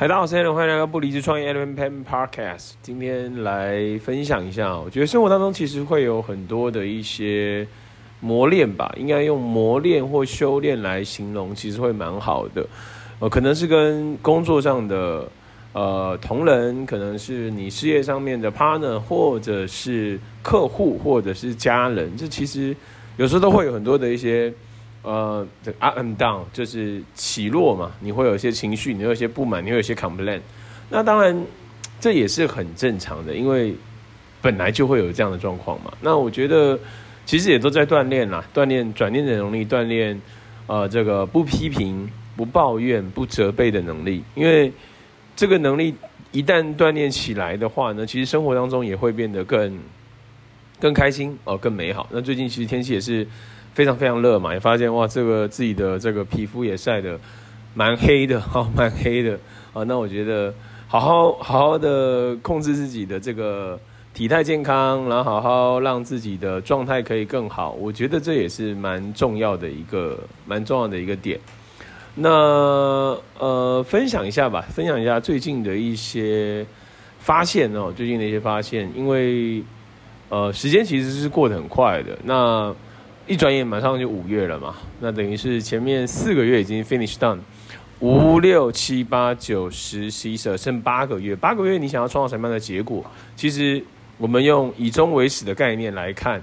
嗨，大家好，我是阿倫，歡迎來到不離職創業 FM Podcast。今天來分享一下，我覺得生活當中其實會有很多的一些磨練吧，應該用磨練或修煉來形容，其實會蠻好的。呃，可能是跟工作上的呃同仁，可能是你事業上面的 partner，或者是客戶，或者是家人，這其實有時候都會有很多的一些。呃，這 up and down 就是起落嘛。你會有一些情緒，你會有一些不滿，你會有一些 complain。那當然，這也是很正常的，因為本來就會有這樣的狀況嘛。那我覺得，其實也都在鍛鍊啦，鍛鍊轉念的能力，鍛鍊呃，這個不批評、不抱怨、不責備的能力。因為這個能力一旦鍛鍊起來的話呢，其實生活當中也會變得更更開心哦，呃，更美好。那最近其實天氣也是。非常非常熱嘛，也發現哇，這個自己的這個皮膚也曬得蠻黑的，哦，蠻黑的，哦，那我覺得好好好好的控制自己的這個體態健康，然後好好讓自己的狀態可以更好，我覺得這也是蠻重要的一個蠻重要的一個點。那呃，分享一下吧，分享一下最近的一些發現哦，最近的一些發現，因為呃，時間其實是過得很快的那。一轉眼馬上就五月了嘛，那等於是前面四個月已經 finish done，五六七八九十十一十二，剩八個月，八個月你想要創造什麼樣的結果？其實我們用以終為始的概念來看，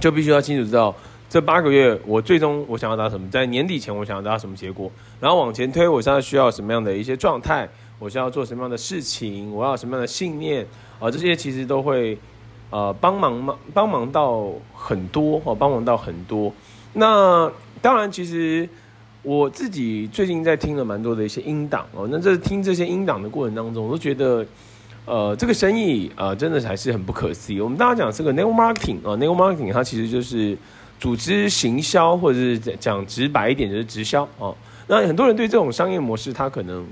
就必須要清楚知道這八個月我最終我想要達到什麼，在年底前我想要達到什麼結果，然後往前推，我現在需要什麼樣的一些狀態，我需要做什麼樣的事情，我要有什麼樣的信念啊，哦，這些其實都會。呃，幫忙嘛，幫忙到很多，幫忙到很多。那當然，其實我自己最近在聽了蠻多的一些音檔、哦、那在聽這些音檔的過程當中，我都覺得，呃，這個生意啊、呃，真的還是很不可思議。我們大家講這個 network marketing 啊 network marketing，它其實就是組織行銷，或者是講直白一點就是直銷啊、哦。那很多人對這種商業模式，他可能，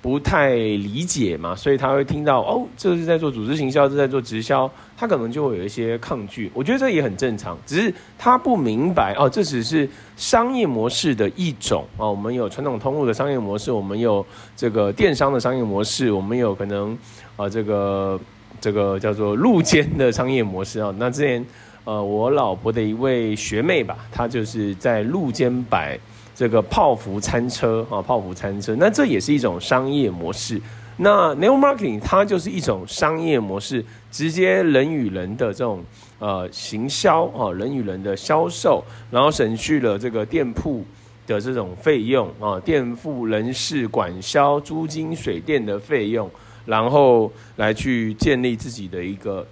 不太理解嘛，所以他會聽到哦，這是在做組織行銷，這是在做直銷，他可能就會有一些抗拒。我覺得這也很正常，只是他不明白哦，這只是商業模式的一種啊、哦。我們有傳統通路的商業模式，我們有這個電商的商業模式，我們有可能啊、呃、這個這個叫做路肩的商業模式啊、哦。那之前呃我老婆的一位學妹吧，她就是在路肩擺。這個泡芙餐車啊，泡芙餐車，那這也是一種商業模式。那 Neo Marketing 它就是一種商業模式，直接人與人的這種呃行銷啊，人與人的銷售，然後省去了這個店鋪的這種費用啊，店鋪人事管銷、租金、水電的費用，然後來去建立自己的一個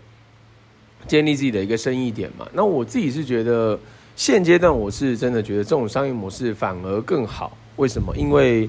建立自己的一個生意點嘛。那我自己是覺得。現階段我是真的覺得這種商業模式反而更好，為什麼？因為，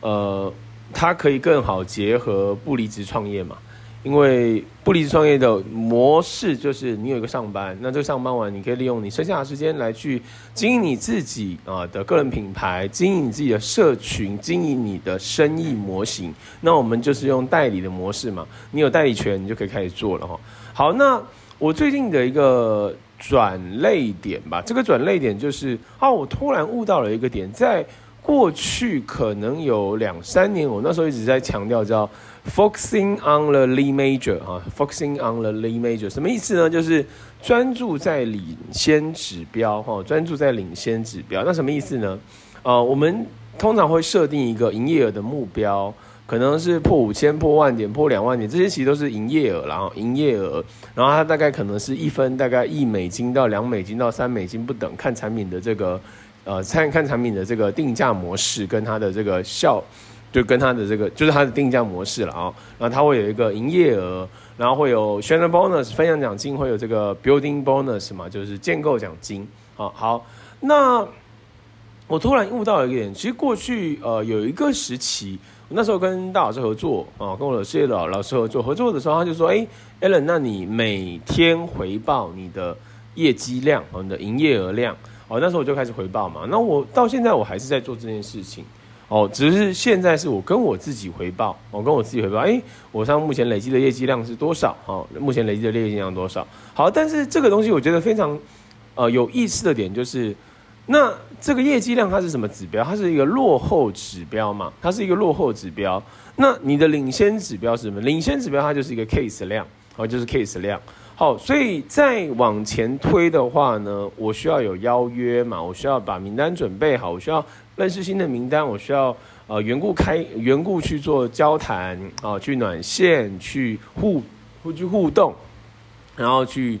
呃，它可以更好結合不離職創業嘛。因為不離職創業的模式就是你有一個上班，那這個上班完，你可以利用你剩下的時間來去經營你自己啊的個人品牌，經營你自己的社群，經營你的生意模型。那我們就是用代理的模式嘛，你有代理權，你就可以開始做了哈。好，那我最近的一個。轉捩點吧，這個轉捩點就是啊，我突然悟到了一個點，在過去可能有兩三年，我那時候一直在強調叫 focusing on the lead major 啊，focusing on the lead major 什麼意思呢？就是專注在領先指標啊，專注在領先指標，那什麼意思呢？呃，我們通常會設定一個營業額的目標。可能是破五千、破萬點、破兩萬點，這些其實都是營業額。然後營業額，然後它大概可能是一分，大概一美金到兩美金到三美金不等，看產品的這個，呃，看看產品的這個定價模式跟它的這個效，就跟它的這個就是它的定價模式了啊。然後，然後它會有一個營業額，然後會有 sharing bonus 分享獎金，會有這個 building bonus 嘛，就是建構獎金啊、哦。好，那我突然悟到了一點，其實過去呃有一個時期。那時候跟大老師合作，跟我的事業的老師合作，合作的時候他就說：“哎、欸，Allen，那你每天回報你的業績量，你的營業額量，那時候我就開始回報嘛。那我到現在我還是在做這件事情哦，只是現在是我跟我自己回報，我跟我自己回報。哎、欸，我上目前累積的業績量是多少？哦，目前累積的業績量多少？好，但是這個東西我覺得非常、呃、有意思的點就是。那這個業績量它是什麼指標？它是一個落後指標嘛？它是一個落後指標。那你的領先指標是什麼？領先指標它就是一個 case 量，哦，就是 case 量。好，所以再往前推的話呢，我需要有邀約嘛？我需要把名單準備好，我需要認識新的名單，我需要呃緣故開緣故去做交談啊，去暖線，去互會，去互動，然後去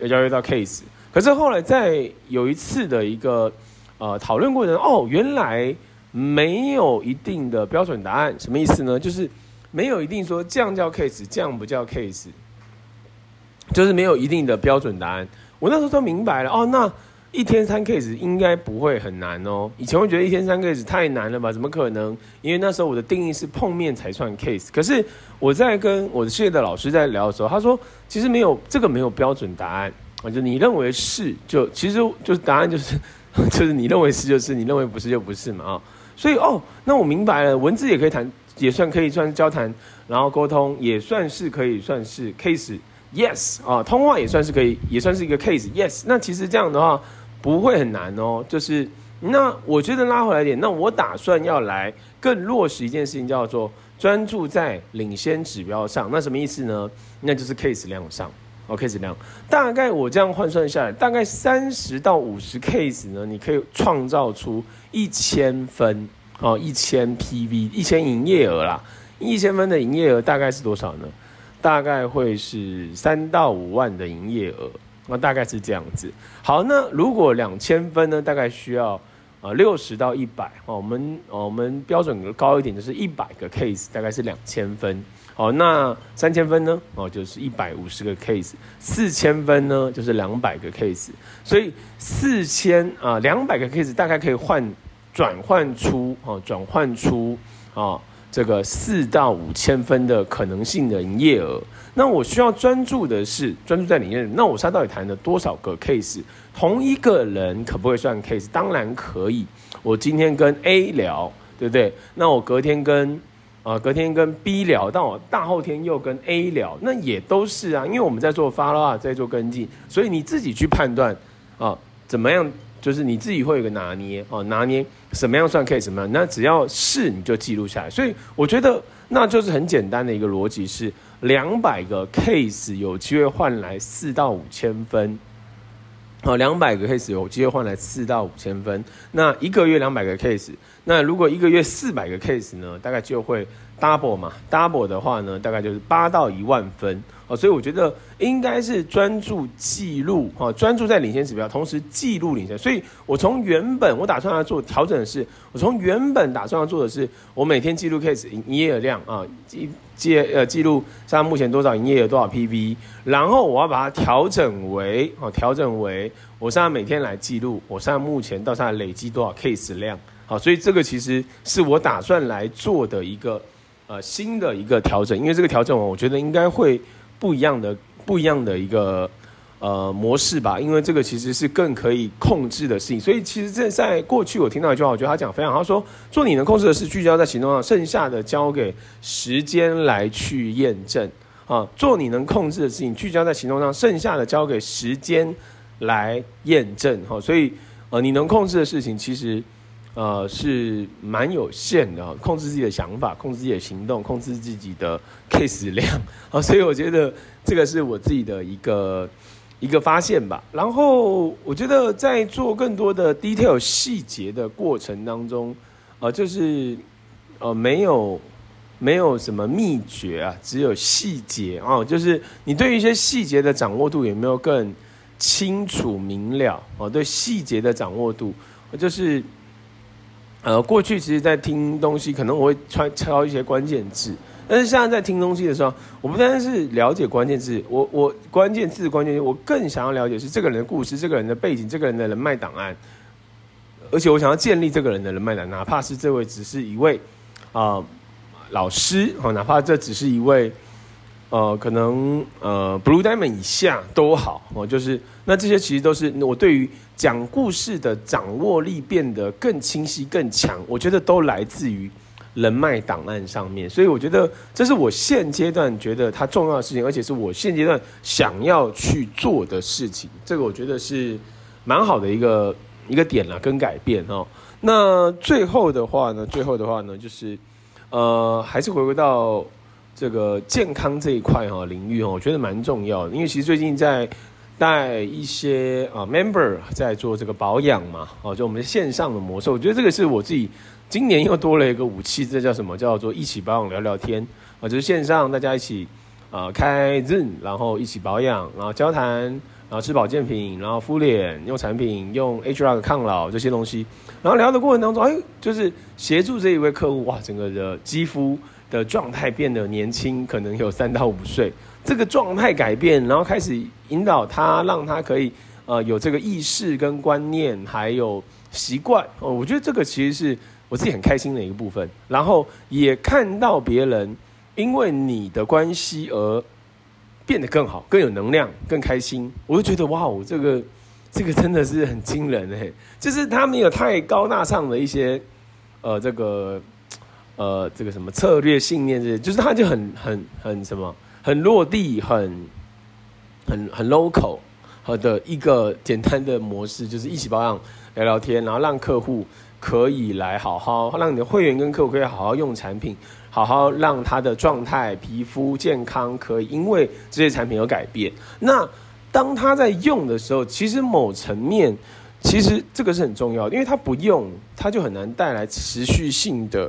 要邀約到 case。可是後來在有一次的一個呃討論過程哦，原來沒有一定的標準答案，什麼意思呢？就是沒有一定說這樣叫 case，這樣不叫 case，就是沒有一定的標準答案。我那時候都明白了哦，那一天三 case 應該不會很難哦。以前我覺得一天三 case 太難了吧？怎麼可能？因為那時候我的定義是碰面才算 case。可是我在跟我的事業的老師在聊的時候，他說其實沒有這個沒有標準答案。就你認為是，就其實就答案就是，就是你認為是就是，你認為不是就不是嘛啊、哦。所以哦，那我明白了，文字也可以談，也算可以算交談，然後溝通也算是可以算是 case yes 啊、哦，通話也算是可以也算是一個 case yes。那其實這樣的話不會很難哦，就是那我覺得拉回來一點，那我打算要來更落實一件事情，叫做專注在領先指標上。那什麼意思呢？那就是 case 量上。Oh, case 量，大概我這樣換算下來，大概三十到五十 case 呢，你可以創造出一千分哦，一千 PV，一千營業額啦。一千分的營業額大概是多少呢？大概會是三到五萬的營業額，那大概是這樣子。好，那如果兩千分呢，大概需要呃六十到一百哦。我們、哦、我們標準高一點就是一百個 case，大概是兩千分。哦，那三千分呢？哦，就是一百五十個 case。四千分呢，就是兩百個 case。所以四千啊，兩百個 case 大概可以換轉換出啊，轉換出啊，這個四到五千分的可能性的營業額。那我需要專注的是專注在裡面。那我現在到底談了多少個 case？同一個人可不可以算 case？當然可以。我今天跟 A 聊，對不對？那我隔天跟。啊，隔天跟 B 聊，到，大後天又跟 A 聊，那也都是啊，因為我們在做 follow up, 在做跟進，所以你自己去判斷啊，怎麼樣，就是你自己會有一個拿捏哦、啊，拿捏什麼樣算 case，什麼樣，那只要是你就記錄下來。所以我覺得那就是很簡單的一個邏輯是，兩百個 case 有機會換來四到五千分。好，兩百個 case 有機會換來四到五千分。那一個月兩百個 case，那如果一個月四百個 case 呢？大概就會。double 嘛，double 的話呢，大概就是八到一萬分，所以我覺得應該是專注記錄哦，專注在領先指標，同時記錄領先。所以我從原本我打算要做調整的是，我從原本打算要做的是，我每天記錄 case 營業量啊、哦，記，記呃記錄，現在目前多少營業額，多少 PV，然後我要把它調整為哦，調整為我現在每天來記錄，我現在目前到現在累積多少 case 量，好，所以這個其實是我打算來做的一個。呃，新的一個調整，因為這個調整，我覺得應該會不一樣的、不一樣的一個呃模式吧。因為這個其實是更可以控制的事情，所以其實這在過去，我聽到一句話，我覺得他講非常好，他說，做你能控制的事，聚焦在行動上，剩下的交給時間來去驗證啊。做你能控制的事情，聚焦在行動上，剩下的交給時間來驗證哈、啊。所以呃，你能控制的事情，其實。呃，是蠻有限的，控制自己的想法，控制自己的行動，控制自己的 case 量啊，所以我覺得這個是我自己的一個一個發現吧。然後我覺得在做更多的 detail 細節的過程當中，呃，就是呃，沒有沒有什麼祕訣啊，只有細節啊，就是你對一些細節的掌握度有沒有更清楚明了啊？對細節的掌握度，啊，就是。呃，過去其實，在聽東西，可能我會挑一些關鍵字，但是現在在聽東西的時候，我不單單是了解關鍵字，我我關鍵字的關鍵，我更想要了解是這個人的故事、這個人的背景、這個人的人脈檔案，而且我想要建立這個人的人脈檔案，哪怕是這位只是一位啊、呃、老師哦，哪怕這只是一位。呃，可能呃，Blue Diamond 以下都好，哦，就是那這些其實都是我對於講故事的掌握力變得更清晰、更強，我覺得都來自於人脈檔案上面，所以我覺得這是我現階段覺得它重要的事情，而且是我現階段想要去做的事情，這個我覺得是蠻好的一個一個點了跟改變哦。那最後的話呢，最後的話呢，就是呃，還是回歸到。這個健康這一塊哈領域哦，我覺得蠻重要的。因為其實最近在帶一些啊 member 在做這個保養嘛，哦，就我們線上的模式，我覺得這個是我自己今年又多了一個武器，這叫什麼？叫做一起保養聊聊天啊，就是線上大家一起啊開 zoom，然後一起保養，然後交談，然後吃保健品，然後敷臉，用產品，用 h R g 抗老這些東西，然後聊的過程當中，哎，就是協助這一位客戶哇，整個的肌膚的狀態變得年輕，可能有三到五歲。這個狀態改變，然後開始引導他，讓他可以呃有這個意識跟觀念，還有習慣。哦、呃，我覺得這個其實是我自己很開心的一個部分。然後也看到別人因為你的關係而變得更好、更有能量、更開心，我就覺得哇哦，這個這個真的是很驚人誒，就是他沒有太高大上的一些呃這個。呃，這個什麼策略、信念這些，就是他就很、很、很什麼，很落地、很、很、很 local 好的一個簡單的模式，就是一起保養、聊聊天，然後讓客戶可以來好好讓你的會員跟客戶可以好好用產品，好好讓他的狀態、皮膚健康可以因為這些產品有改變。那當他在用的時候，其實某層面其實這個是很重要的，因為他不用，他就很難帶來持續性的。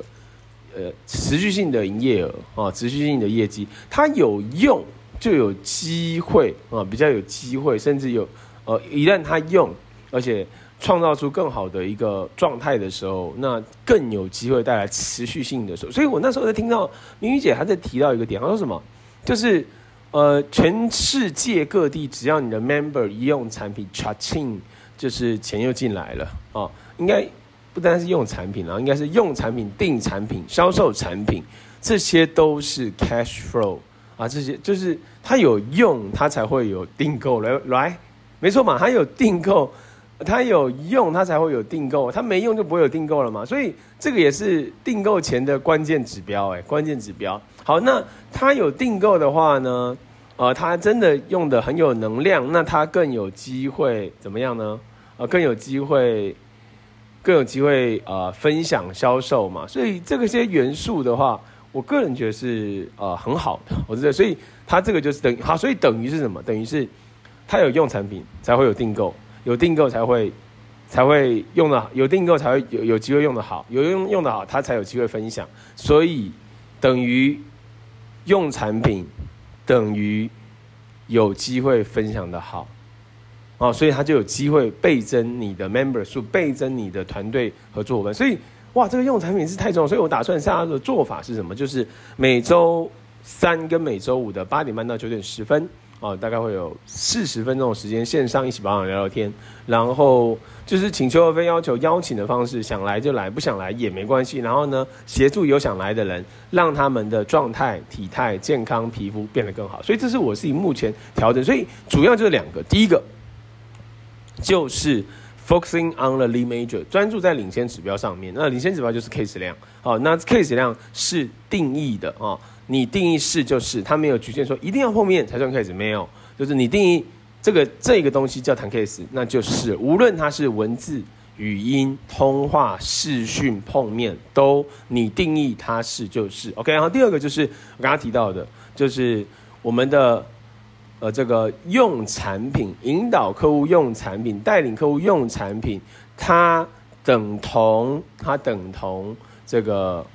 呃，持續性的營業額啊，持續性的業績，他有用就有機會啊，比較有機會，甚至有呃，一旦他用，而且創造出更好的一個狀態的時候，那更有機會帶來持續性的時候。所以我那時候在聽到明宇姐還在提到一個點，她說什麼，就是呃，全世界各地，只要你的 member 一用產品，charging 就是錢又進來了啊，應該。不單是用產品了，然後應該是用產品訂產品、銷售產品，這些都是 cash flow 啊。這些就是它有用，它才會有訂購。來來，沒錯嘛，它有訂購，它有用，它才會有訂購。它沒用就不會有訂購了嘛。所以這個也是訂購前的關鍵指標，哎，關鍵指標。好，那它有訂購的話呢，呃，它真的用的很有能量，那它更有機會怎麼樣呢？呃，更有機會。更有機會呃分享銷售嘛，所以這個些元素的話，我個人覺得是呃很好的，我覺得，所以他這個就是等於，好、啊，所以等於是什麼？等於是他有用產品才會有訂購，有訂購才會才會用的好，有訂購才會有有機會用得好，有用用得好，他才有機會分享。所以等於用產品，等於有機會分享得好。哦，所以他就有機會倍增你的 member 數，倍增你的團隊合作夥伴。所以，哇，這個用產品是太重要。所以我打算下一個做法是什麼？就是每周三跟每周五的八點半到九點十分，哦，大概會有四十分鐘的時間線上一起保養聊聊天。然後就是請求而非要求邀請的方式，想來就來，不想來也沒關係。然後呢，協助有想來的人，讓他們的狀態、體態、健康、皮膚變得更好。所以這是我自己目前調整。所以主要就是兩個，第一個。就是 focusing on the lead major，專注在領先指標上面。那領先指標就是 case 量，好，那 case 量是定義的哦，你定義是就是，它沒有局限說一定要碰面才算 case，沒有，就是你定義這個這個東西叫談 case，那就是無論它是文字、語音、通話、視訊、碰面都你定義它是就是 OK，好。然後第二個就是我剛剛提到的，就是我們的。呃，這個用產品引導客戶用產品，帶領客戶用產品，它等同它等同這個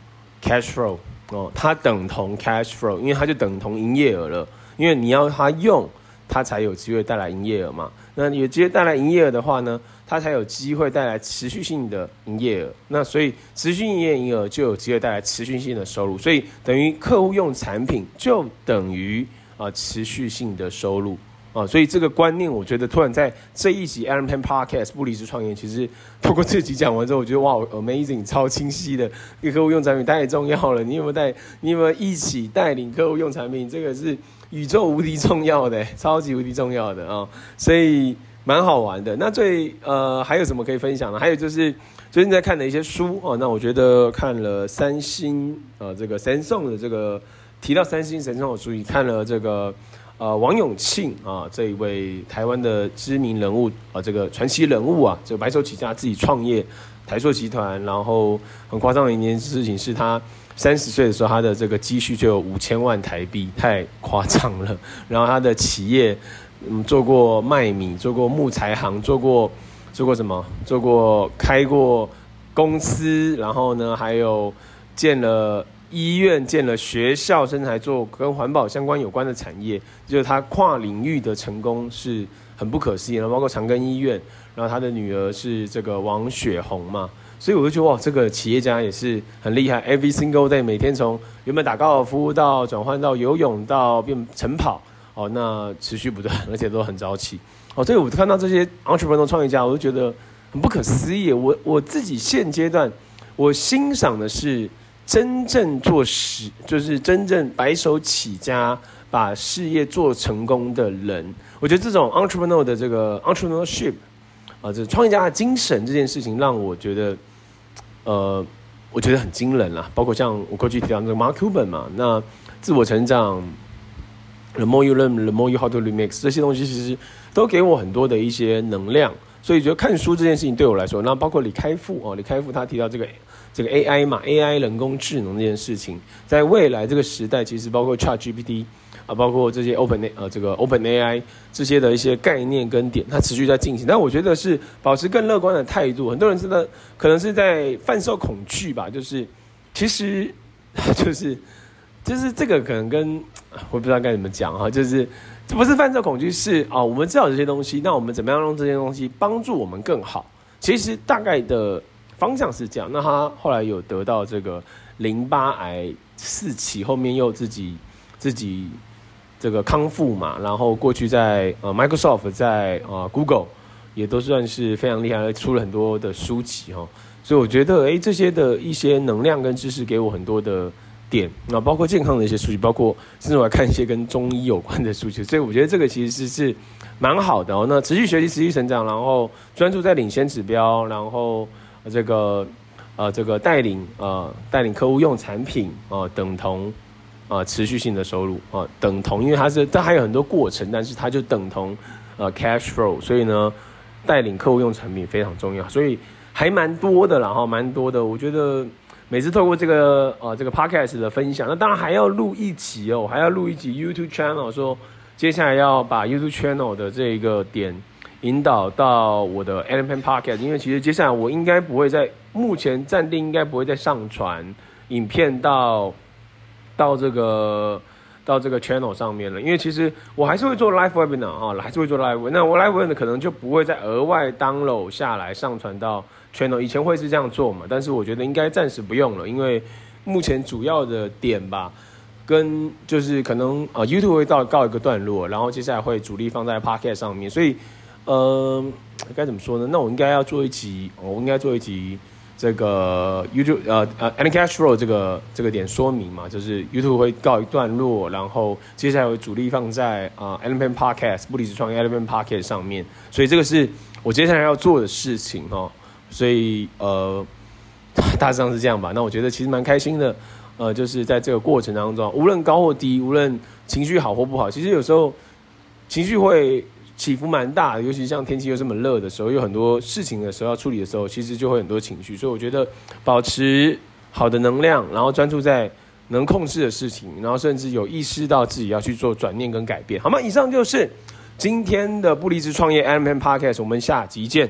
cash flow 哦，它等同 cash flow，因為它就等同營業額了。因為你要他用，他才有機會帶來營業額嘛。那你直接帶來營業額的話呢，他才有機會帶來持續性的營業額。那所以持續營業營業額就有機會帶來持續性的收入。所以等於客戶用產品就等於。啊，持續性的收入啊，所以這個觀念，我覺得突然在這一集 Allen Peng Podcast 不離職創業，其實包括這集講完之後，我覺得哇，amazing，超清晰的。給客戶用產品太重要了，你有沒有帶？你有沒有一起帶領客戶用產品？這個是宇宙無敵重要的，超級無敵重要的啊！所以蠻好玩的。那最呃還有什麼可以分享的？還有就是最近在看的一些書啊，那我覺得看了三星啊，這個 Samsung 的這個。提到三星，實際上我注意看了這個，呃，王永慶啊，這一位台灣的知名人物啊，這個傳奇人物啊，就、這個、白手起家自己創業，台塑集團。然後很誇張的一件事情是他三十歲的時候，他的這個積蓄就有五千萬台幣，太誇張了。然後他的企業，嗯，做過賣米，做過木材行，做過做過什麼？做過開過公司，然後呢，還有建了。醫院建了學校，甚至還做跟環保相關有關的產業，就是他跨領域的成功是很不可思議的。然後包括長庚醫院，然後他的女兒是這個王雪紅嘛，所以我就覺得哇，這個企業家也是很厲害。Every single day 每天從原本打高爾夫到轉換到游泳到變晨跑，哦，那持續不斷，而且都很早起。哦，所以我看到這些 entrepreneur 創業家，我就覺得很不可思議。我我自己現階段我欣賞的是，真正做事，就是真正白手起家把事業做成功的人，我覺得這種 entrepreneur 的這個 entrepreneurship 啊、呃,這就是創業家的精神這件事情，讓我覺得，呃，我覺得很驚人啦。包括像我過去提到那個 Mark Cuban 嘛，那自我成長 the more you learn, the more you how to remix 這些東西，其實都給我很多的一些能量。所以就看書這件事情對我來說，那包括李開復哦，李開復他提到這個這個 AI 嘛，AI 人工智能這件事情，在未來這個時代，其實包括 ChatGPT 啊，包括這些 Open 呃這個 OpenAI 這些的一些概念跟點，它持續在進行。但我覺得是保持更樂觀的態度，很多人真的可能是在販售恐懼吧，就是其實就是。就是這個可能跟我不知道該怎麼講哈、啊，就是這不是犯罪恐懼是啊、哦，我們知道這些東西，那我們怎麼樣用這些東西幫助我們更好？其實大概的方向是這樣。那他後來有得到這個淋巴癌四期，後面又自己自己這個康復嘛，然後過去在呃、嗯、Microsoft 在啊、嗯、Google 也都算是非常厲害，出了很多的書籍哈、哦。所以我覺得哎、欸，這些的一些能量跟知識給我很多的。啊，包括健康的一些數據，包括甚至我要看一些跟中醫有關的數據，所以我覺得這個其實是，是蠻好的。哦，那持續學習、持續成長，然後專注在領先指標，然後這個呃這個帶領呃帶領客戶用產品啊、呃、等同啊、呃、持續性的收入啊、呃、等同，因為它是它還有很多過程，但是它就等同啊 cash flow。呃、Cashflow，所以呢，帶領客戶用產品非常重要，所以還蠻多的然哈，蠻多的，我覺得。每次透過這個呃這個 podcast 的分享，那當然還要錄一集哦，還要錄一集 YouTube channel，說接下來要把 YouTube channel 的這一個點引導到我的 Allen Peng Podcast，因為其實接下來我應該不會在，目前暫定應該不會再上傳影片到到這個到這個 channel 上面了，因為其實我還是會做 live webinar 啊，還是會做 live webinar，那我 live webinar 可能就不會再額外 download 下來上傳到。Channel, 以前會是這樣做嘛？但是我覺得應該暫時不用了，因為目前主要的點吧，跟就是可能啊、呃、，YouTube 會到告一個段落，然後接下來會主力放在 Podcast 上面，所以呃，該怎麼說呢？那我應該要做一集，哦、我應該做一集這個 YouTube 呃呃，Allen Cashflow 這個這個點說明嘛，就是 YouTube 會告一段落，然後接下來會主力放在啊 Allen Peng Podcast 不離職創業 Allen Peng Podcast 上面，所以這個是我接下來要做的事情哦。所以呃，大致上是這樣吧。那我覺得其實蠻開心的。呃，就是在這個過程當中，無論高或低，無論情緒好或不好，其實有時候情緒會起伏蠻大的。尤其像天氣又這麼熱的時候，有很多事情的時候要處理的時候，其實就會很多情緒。所以我覺得保持好的能量，然後專注在能控制的事情，然後甚至有意識到自己要去做轉念跟改變。好嗎？以上就是今天的不離職創業 M M Podcast，我們下集見。